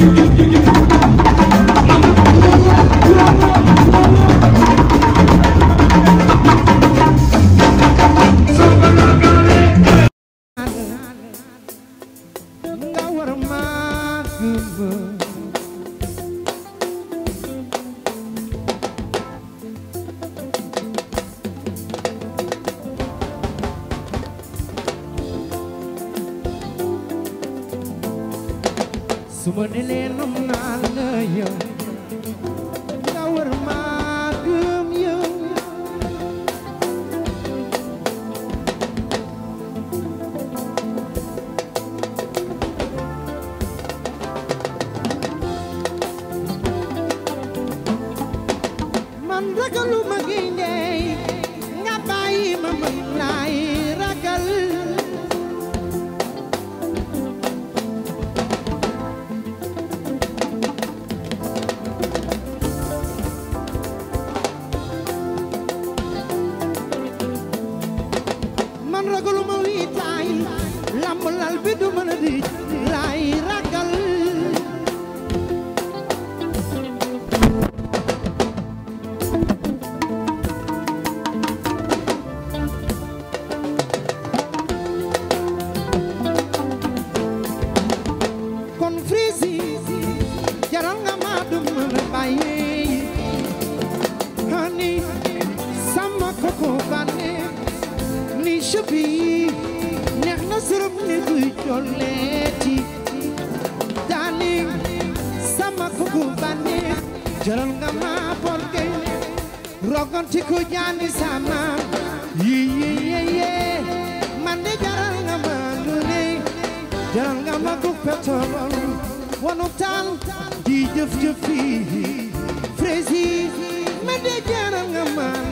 Thank you. cëppi neex na sërëm ni kuy colleeti daanin sama kuku banneex jaral nga ma porke rogonti ku jaani sama yiyiyiyee man de nga ma dune jaral nga ma ku petorol wanu tal di jëf jëfi fresi man de nga ma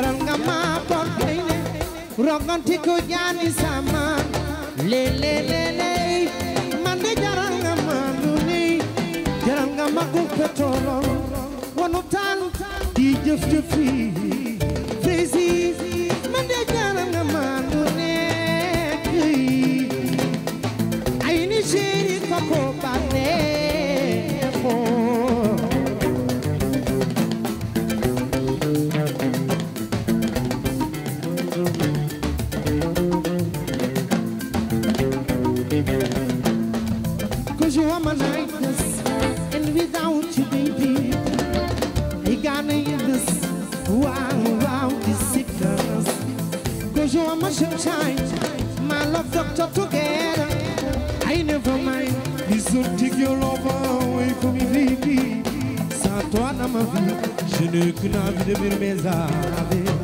teral nga ma bor gaynde rogantiku jaani sama le le le le man de jaral nga ma duni jaral nga ma gu petolol wanu tan di jëf jëf fii Cause you are my lightness And without you baby I gotta in this Wow, this sickness Cause you are my sunshine My love doctor together I never mind Ils ont dit que l'enfant est comme il vit Sans ma vie Je n'ai qu'une envie de vivre mes avis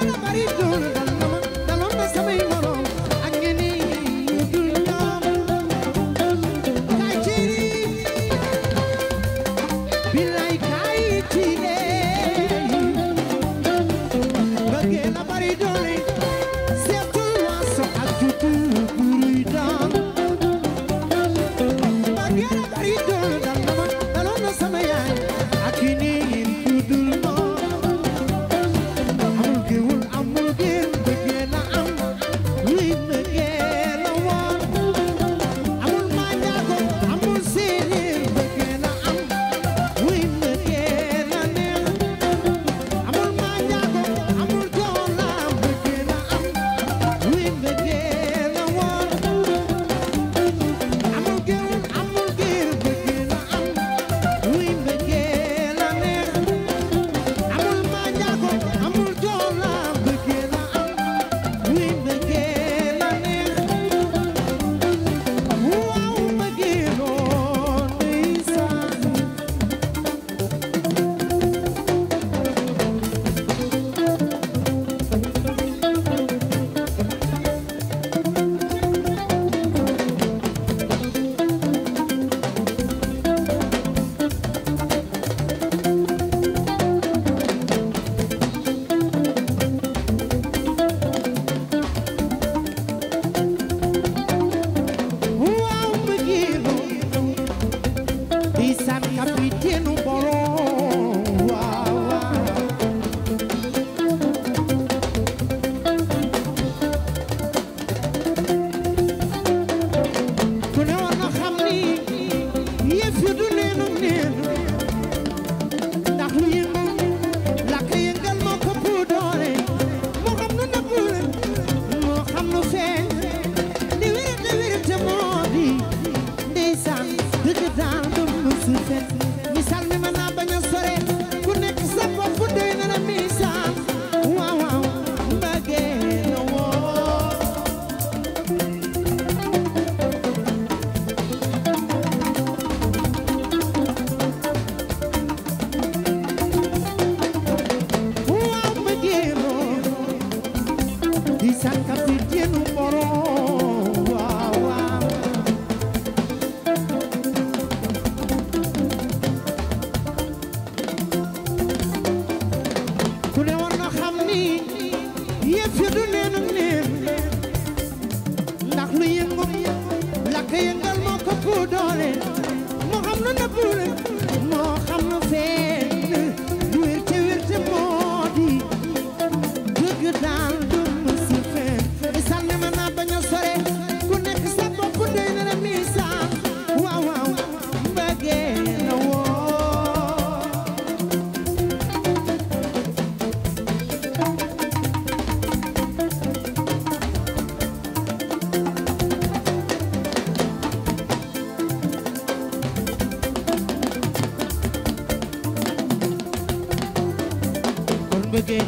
quiero, María.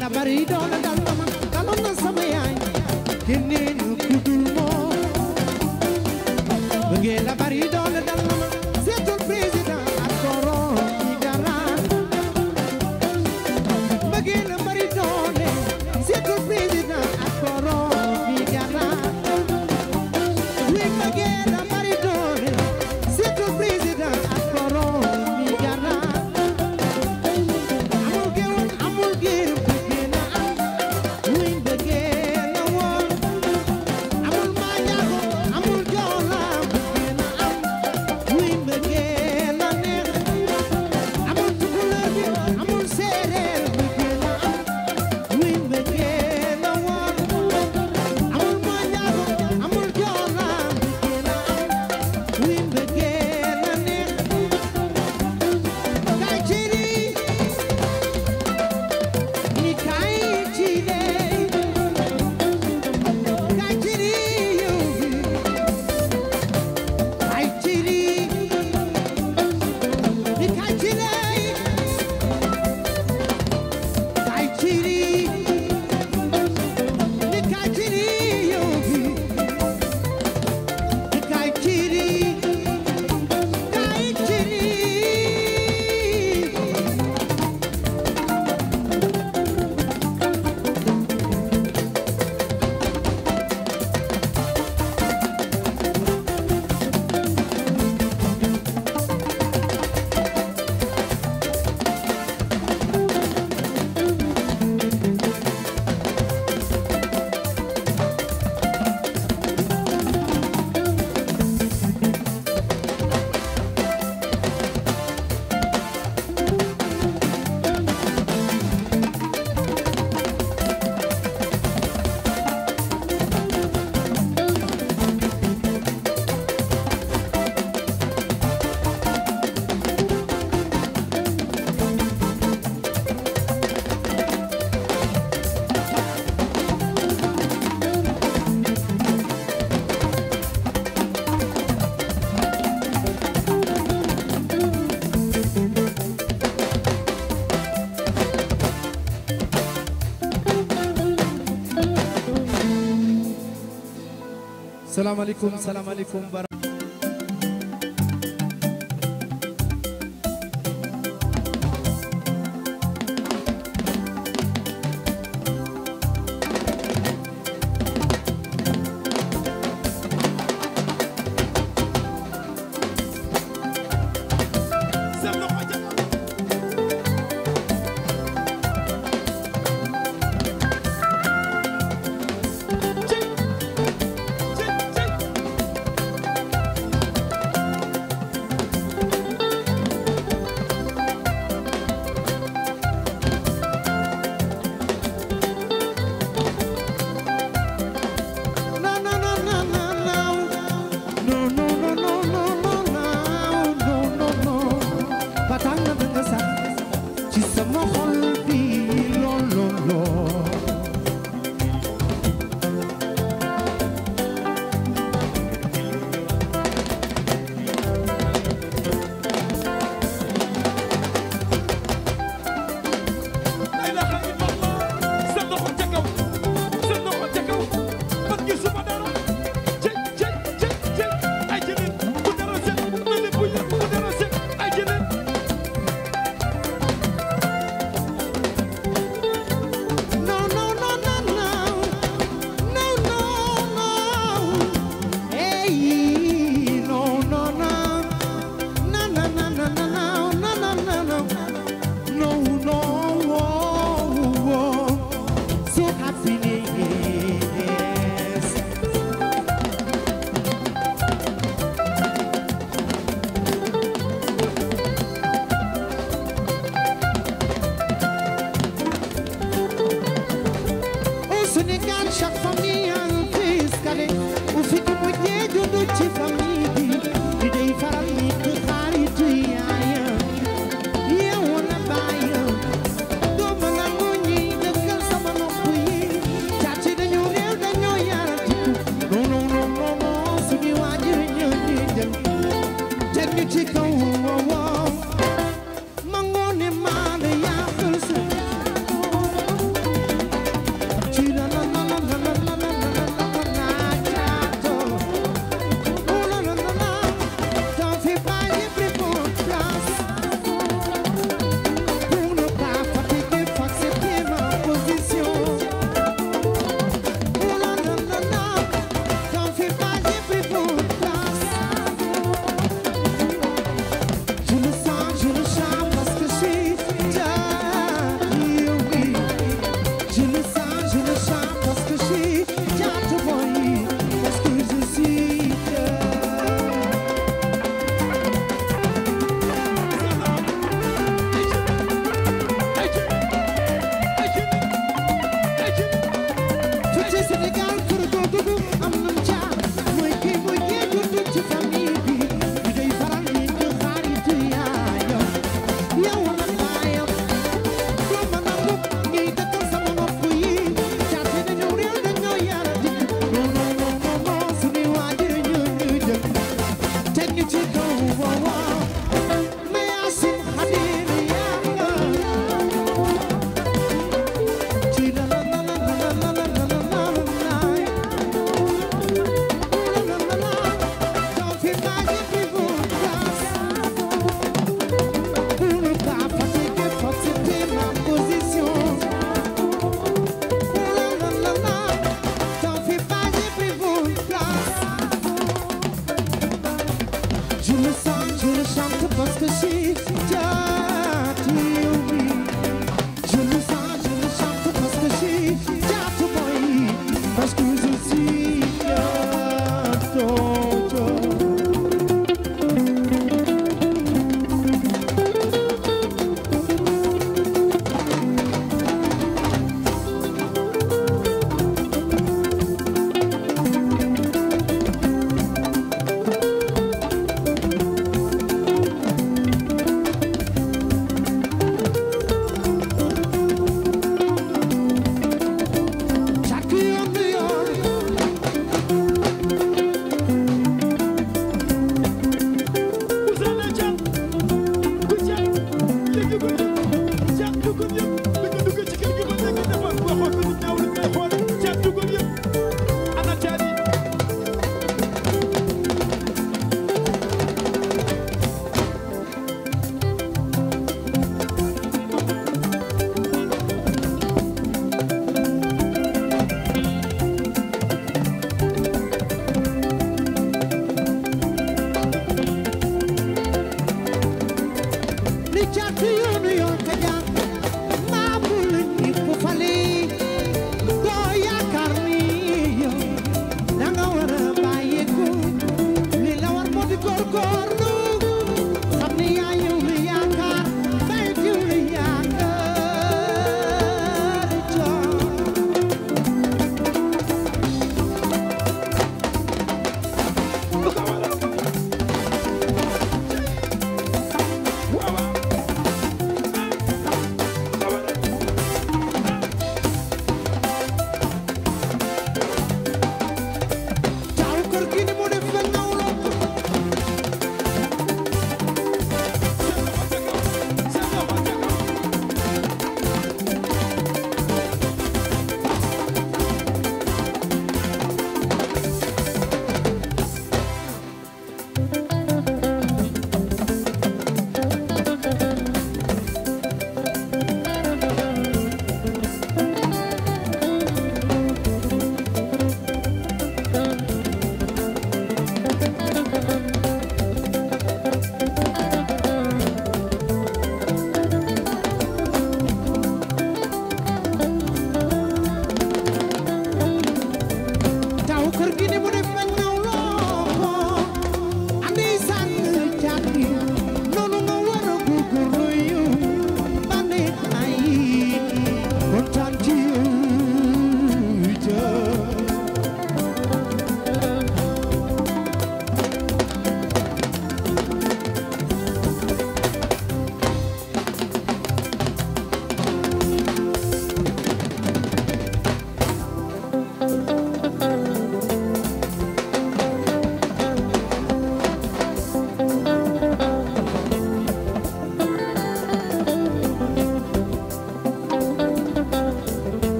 na bari doole salaamaaleykum salaamaaleykum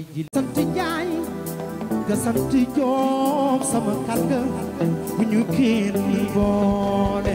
yaay ji sant njaay sama kàl bu ñu kenn boole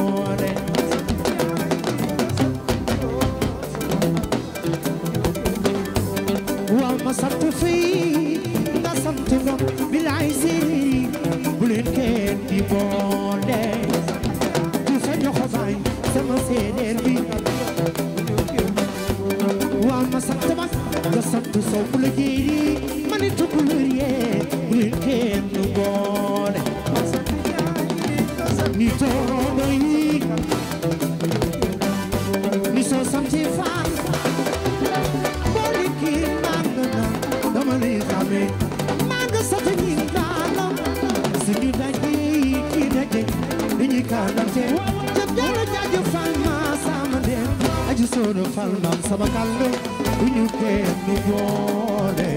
sant fii nga sant fa bilaay séeréer bu leen kenn di boole di sa joxo baay sama séeréer bi waa ma sant ma nga sant soo bu la jéeri ma ne tukulóor yee Coro fal maam sama kàll bu ñu kenn boole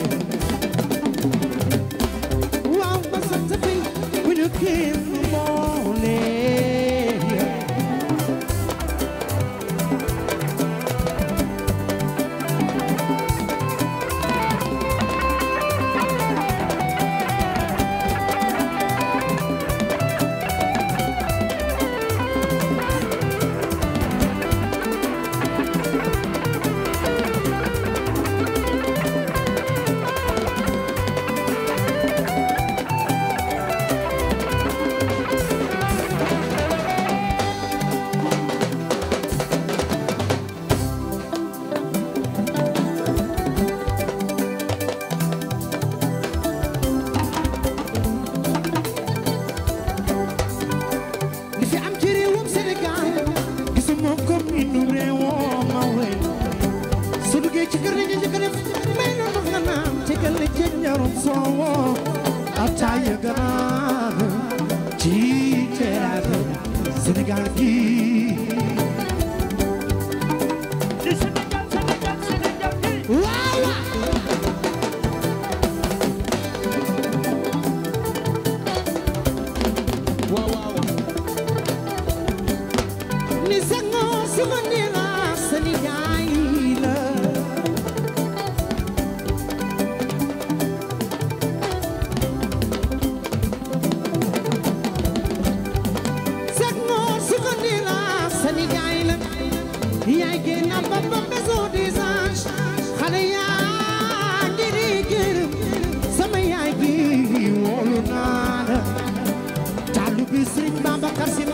Bakar Si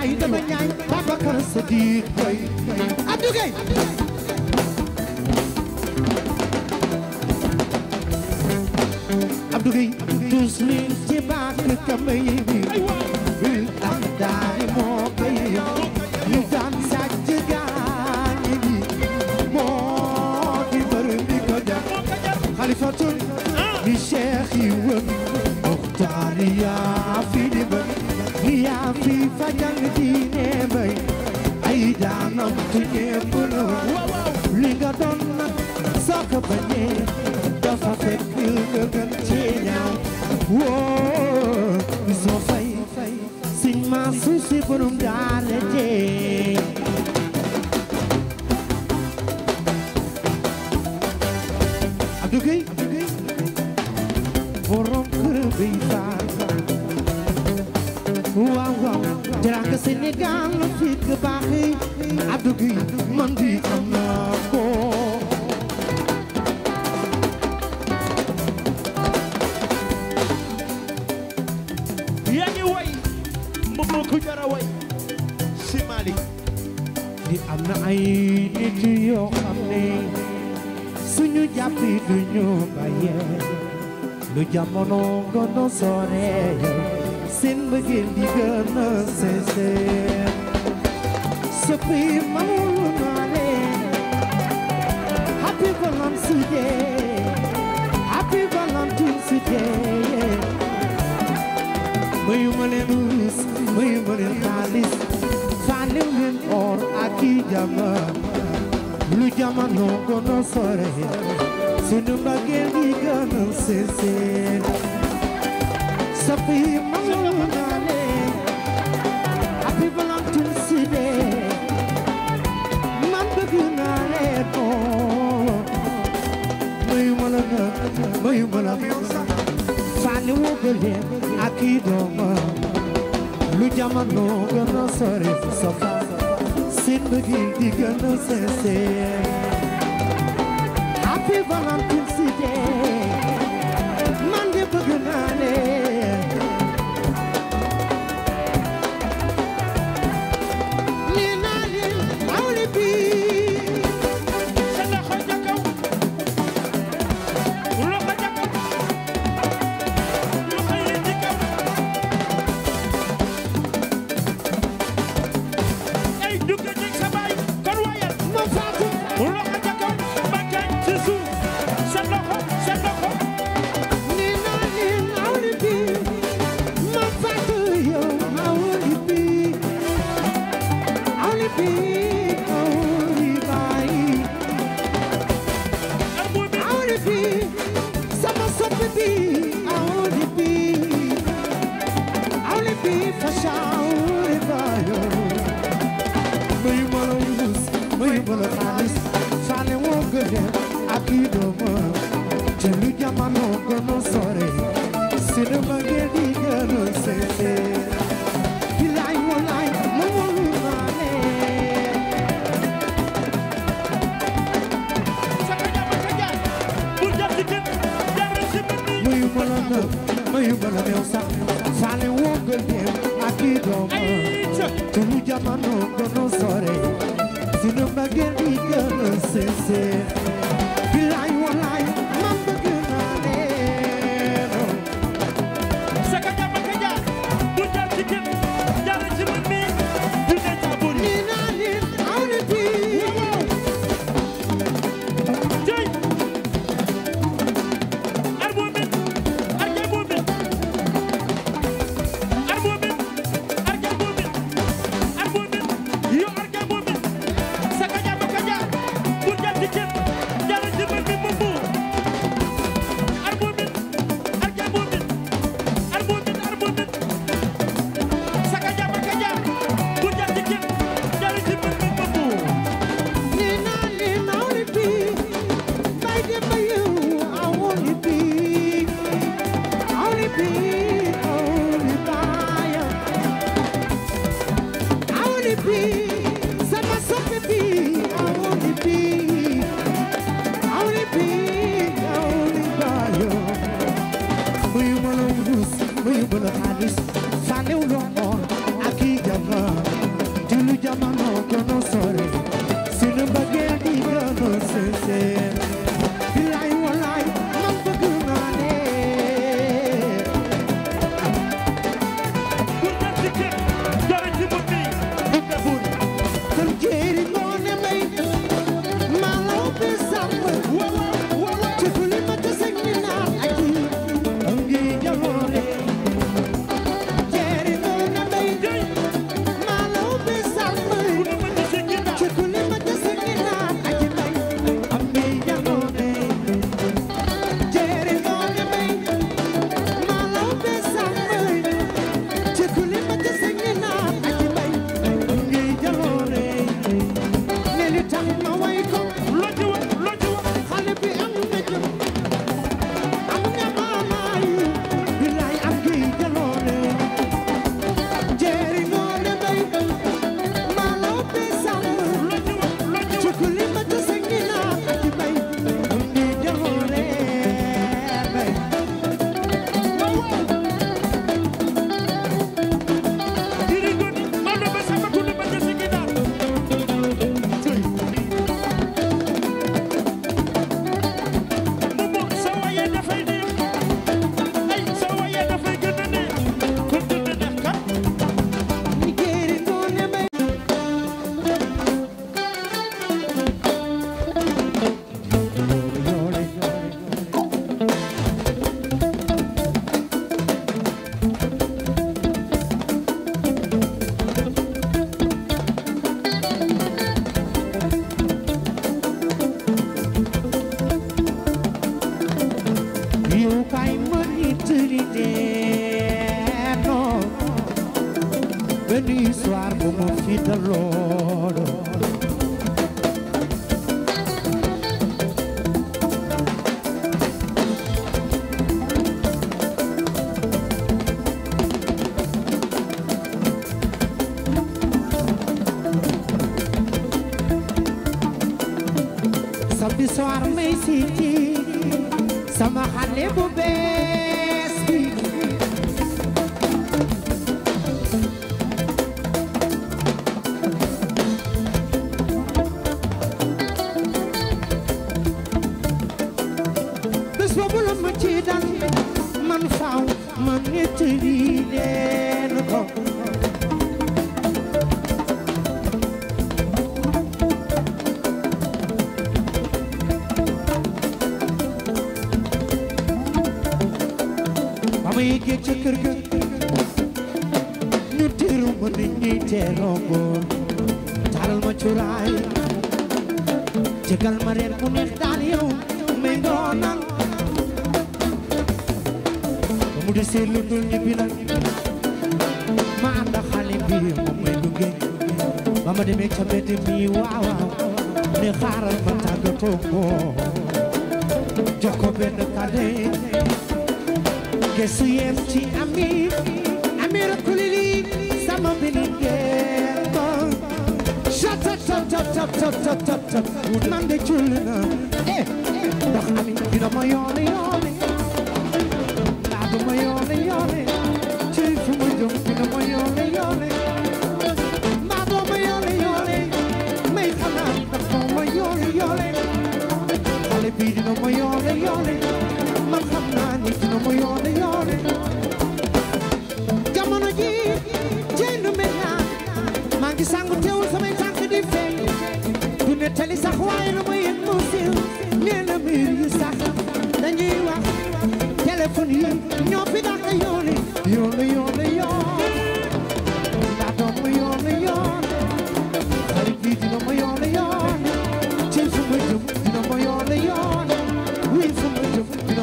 ñaay dama ñaay Babacar Sadiq koy Abdou Gueye Abdou Gueye tous li ci baak kamay bi am daani moo koy ñu daan sàcc gaañi bi moo di bër bi ko jar xalifatun ni cheikh yi wëm fi fajal diine bay ay daanam tu ñépp la li nga doon nag soo ko bañee fekk nga gën ñaaw woo soo fay siñ ma suusi borom daal ñu jàppi du ñu bàyyi lu jamono gën a sore seen mbëggeel di gën a sese soppi malu naale happy Valentine's Day happy Valentine's Day mayu ma leen wurus mayu ma leen xaalis fànn leen or ak i lu jamono gono sore sunu mbagel gi gono seseen safi manale happy valentine's day man bëgg naa la ko mayu ma la mayu ma la fànni wu bële ak i dooma lu jamono gono sore safa c'est bëggee di gën a sincère Happy Valentine's Day reeroo góor taalal ma cuuraay jegal ma reer ku daal yow may doonan mu desee lu dul ñibbi nag ma ànd bi moom may ba ma demee ca mbedd mi waaw ne xaaral ma tàggatoo ko jox ko benn kàdde gesu yem ci ami ami rakulili sama benn tap tap tap tap tap tap man de julli na eh ndax Ami dina ma yoon yoon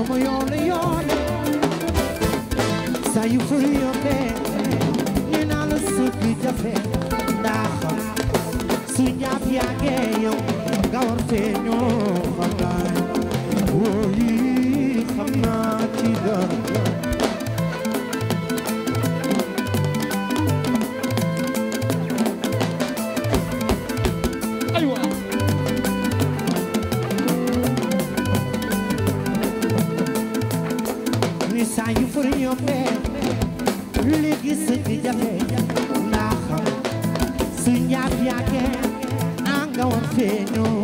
como yo le lloré saa yu furi yombee naa la suuf bi jafe ndax su yaa ngee yow nga war fee ñoo xam Señor.